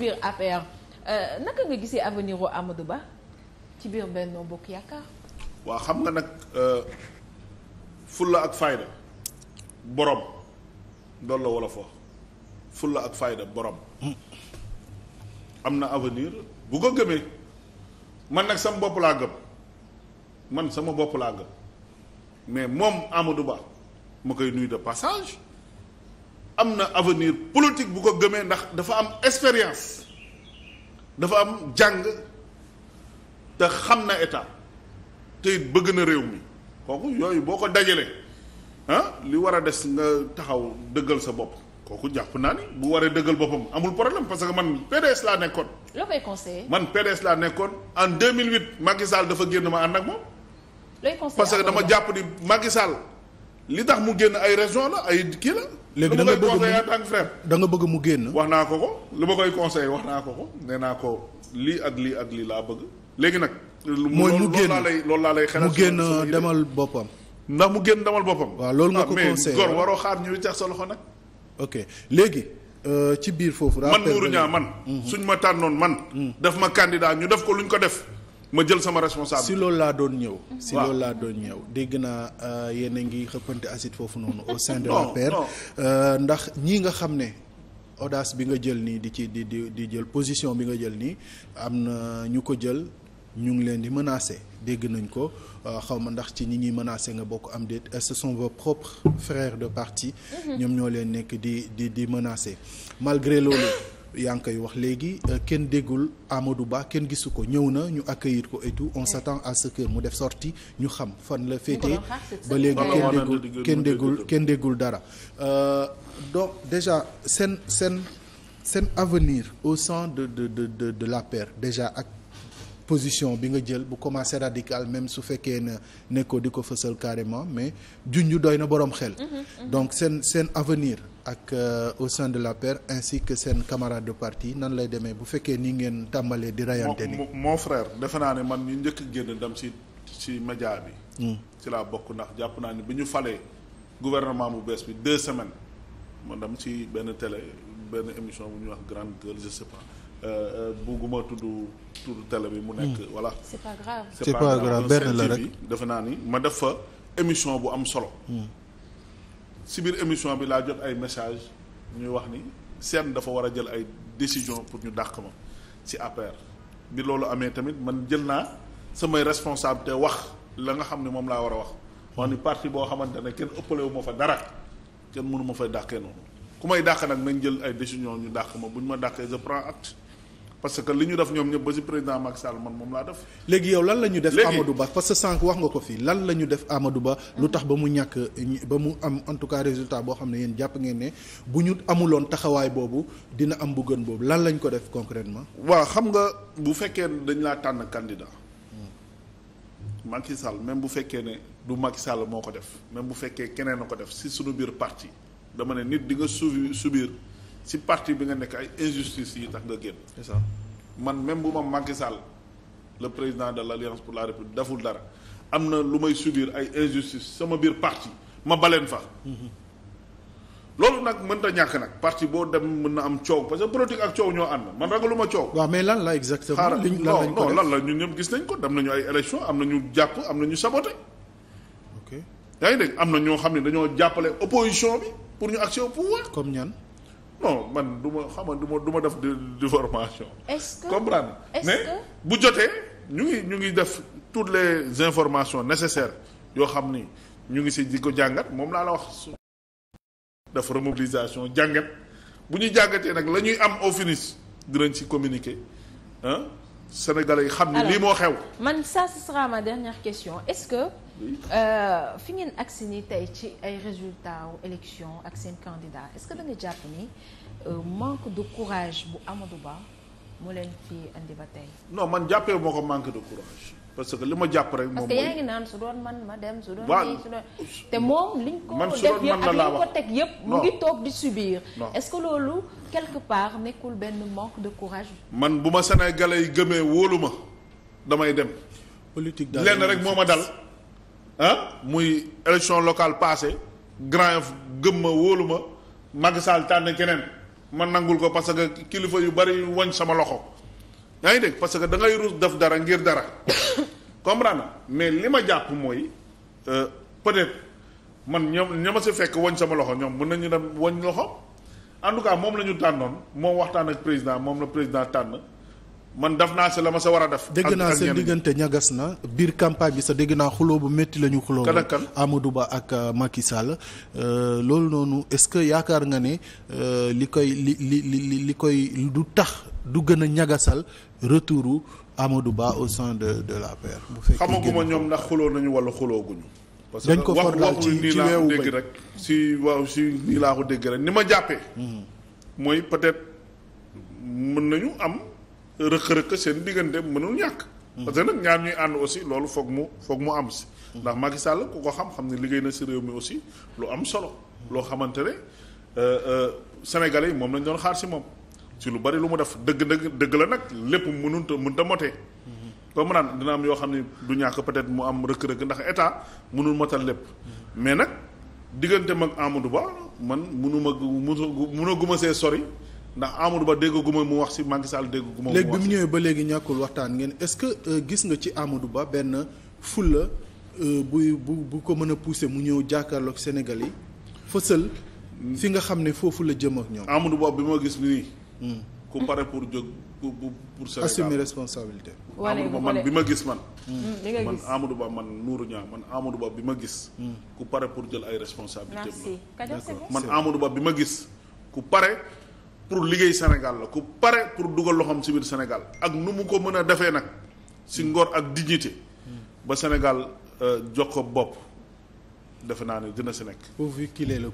biir APR euh, naka nga gisee avenir u Amadou Ba ci biir Benno Bokk Yaakaar. waaw xam nga nag euh, fulla ak fayda borom loolu la wala fo fulla ak fayda borom am na avenir bu ko gëmee man nag sama bopp laa gëm man sama bopp laa gëm mais moom Amadou Ba ma koy nuyu de passage. am na avenir politique bu ko gëmee ndax dafa am expérience dafa am jàng te xam na état te it bëgg na réew mi kooku yooyu boo ko dajalee ah li war a des nga taxaw dëggal sa bopp kooku jàpp naa ni bu waree dëggal boppam amul problème parce que man PDS laa nekkoon. loo koy man PDS laa nekkoon en mille Macky Sall dafa génn ma ànd ak moom. looy parce que dama jàpp ni Macky li tax mu génn ay raison la ay kii la. léegi da nga bëgg mu en bëgg mu génn. wax naa ko ko lu ma koy conseillé wax naa ko ko nee naa ko lii ak lii ak lii laa bëgg léegi nag. mooy mu génn loolu loolu laa lay xelal. mu génn demal boppam. ndax mu génn demal boppam. waaw loolu nga ah, ko conseillé waroo xaar ñu cax sa loxo nag. ok léegi euh, ci biir foofu. man Nourou Niang man. Mhm. suñ ma tànnoon man. Mhm. def ma candidat ñu def ko lu ñu ko def. ma jël sama responsable. si loolu laa doon ñëw. si loolu laa doon ñëw dégg naa euh, yéen a ngi xëppante acide foofu noonu. au sein de l'APR euh, ndax ñii nga xam ne. audace bi nga jël nii di ci di di di jël position bi nga jël nii am na ñu ko jël ñu ngi leen di menacer dégg nañ ko euh, xawma ndax ci ñi ñuy menacer nga bokk am déet ce sont vos propres frères de parti. Mm-hmm. ñoom ñoo leen nekk di di di menacer malgré loolu. yaa ngi koy wax léegi euh, kenn déggul Amadou Ba kenn gisu ko ñëw na ñu accueillir ko et tout sa s'attend à ce que mu def sortie ñu xam fan la féetee ba léegi kenn déggul kenn déggul kenn déggul dara euh, donc déjà seen seen seen avenir au sein de de de de de l'APR déjà ak position bi nga jël bu commencé radicale même su fekkee na nekkoo di ko fësal carrément mais junj doy na boroom xel mhm, mhm. donc seen seen avenir ak euh, au sein de l'APR ainsi que seen camarade de parti nan lay demee bu fekkee nii ngeen tàmbalee di rayante ni mon frère defe naa ne man ñu njëkk génn dem ci ci média bi hmm. ci laa bokk ndax jàpp naa ne bi ñu falee gouvernement bu bees bi deux semaines ma dem ci benn tele benn émission bu ñuy wax grande gueule je sais pas euh, euh, bugguma tudd tudd télé bi mu nekk hmm. voilà c'est pas grave benn la rek defe naa ni ma def fa émission bu am solo hmm. si biir émission bi laa jot ay message ñuy wax ni seen dafa war a jël ay décision pour ñu dàq ma si APR bi loolu amee tamit man jël naa samay responsabilité wax la nga xam ni moom laa war a wax wax ni parti boo xamante ne kenn ëppalewu ma fa dara kenn mënu ma fay dàqee noonu ku may dàq nag nañ jël ay décision ñu dàq ma bu ñu ma dàqee je prends acte parce que li ñu def ñoom ñëpp ba ci président Macky Sall man moom laa def. léegi yow lan la ñu def. amadu Ba parce que sànq wax nga ko fii lan la ñu def Amadou Ba. lu tax ba mu ñàkk ba mu am en tout cas résultat boo xam ne yéen jàpp ngeen ne bu ñu amuloon taxawaay boobu dina am bu gën boobu lan lañ ko def concrètement. waa xam nga bu fekkee dañ laa tànn candidat. Macky Sall même bu fekkee ne du mag Sall moo ko def même bu fekkee keneen a ko def si suñu biir parti dama ne nit di su subi subir. si parti bi nga nekk ay injustice yi tax nga génn. c'est ça man même bu ma Macky Sall le président de l' alliance pour la république deful dara am na lu may subir ay injustice sama biir parti ma baleen fa. Mm-hmm. loolu nag mën ta ñàkk nag parti boo dem mën na am coow parce que politique ak coow ñoo ànd man ragaluma coow. waaw mais lan la exactement. xaaral non non lan la ñun ñëpp gis nañ ko dem nañu ay élection am na ñu jàpp am na ñu saboté. ok yaa ngi am na ñoo xam ne dañoo jàppale opposition bi pour ñu accès au comme ñan. non man du ma xam nga du ma du ma def déformation. est-ce que comprendre mais bu jotee ñu ngi ñu ngi def toutes les informations nécessaires yoo xam ni ñu ngi si di ko jàngat moom laa la wax. def remobilisation jàngat bu ñu jàngatee nag la ñuy am au finish dinañ ci communiquer ah yi xam ni lii moo xew. man ça ce sera ma dernière question est-ce que. Euh, fi ngeen ak agsi ni tey ci ay résultats wu élection ak seen candidat est-ce que da nga jàpp ni euh, manque du courage bu Amadou Ba mu leen fi andi ba tey. non man jàppee moo ko manque de courage. parce que li ma jàpp rek moom mooy parce naan su man ma dem su doon. waaw su doon te moom. li ko def yëpp ak ko teg yëpp. mu ngi toog di subir. est-ce que loolu quelque part nekkul benn manque de courage. man bu ma Sénégalais yi gëmee wóolu ma damay dem. politique daal lenn rek moo ma dal. ah muy élection locale passée grand gëm ma wóolu ma Macky Sall tànn keneen ma nangul ko parce que kilifa yu bari wañ sama loxo yaa ngi dégg parce que da ngay rus def dara ngir dara comprendre mais li ma jàpp mooy euh, peut-être man ñoom ña ma si fekk wañ sama loxo ñoom mën nañu dem wañ loxo en tout cas moom la ñu tànnoon moo waxtaan ak président moom la président tànn man def naa si la ma sa war a def. dégg naa seen diggante ñagas na biir campagne bi sa dégg naa xuloo bu métti la ñu. xuloo Amadou Ba ak euh, Macky Sall. Euh, loolu noonu est-ce que yaakaar nga ne euh, li koy li li li koy du tax du gën a ñagasal retouru Amadou Ba au sein de de la paire. bu fekkee xamaguma ñoom ndax xuloo nañu wala xuloo guñu. parce que dañ ko forlaal ci rek si si nii laa ko dégg rek ni ma jàppee. Mm-hmm. mooy peut-être mën nañu am. rëq-rëq seen diggante mënul ñàkk. parce que nag ñaar ñuy ànd aussi loolu foog mu foog mu am si. ndax Macky Sall ku ko xam xam ne liggéey na si réew mi aussi lu am solo. loo xamante ne euh, euh, sénégalais yi moom lañ doon xaar si moom. si lu bari lu mu def dëgg dëgg dëgg la nag lépp mënut a mënut a motee. ba mu naan dina am yoo xam ne du ñàkk peut-être mu am rëkk-rëkk ndax état mënul motal lépp. mais nag diggante mag Amadou Ba man mag mënu ma mënaguma see sori. ndax Amadou Ba déggaguma mu wax si Macky Sall ma mu wax léegi mu ñëwee ba léegi ñàkkul waxtaan ngeen est-ce que euh, gis nga ci Amadou Ba benn fulla euh, buy bu bu ko mën a pousser mu ñëw jàkkaarloog Sénégal yi fësal. fi nga xam ne foofu la jëm ak ñoom. Amadou Ba bi ma gis nii. Hmm. ku jóg pour pour Sénégal man bi ma gis man. Hmm, man Amadou Ba man Nourou Niang man Amadou Ba bi ma gis. Hmm. ku pare pour jël ay responsabilités. man Amadou Ba bi ma gis ku pare. pour liggéey Sénégal la ku pare pour dugal loxoom si biir senegal ak nu mu ko mën a defee nag si ngor ak dignité ba Sénégal euh, jox ko bopp defe naa ne dina si nekk.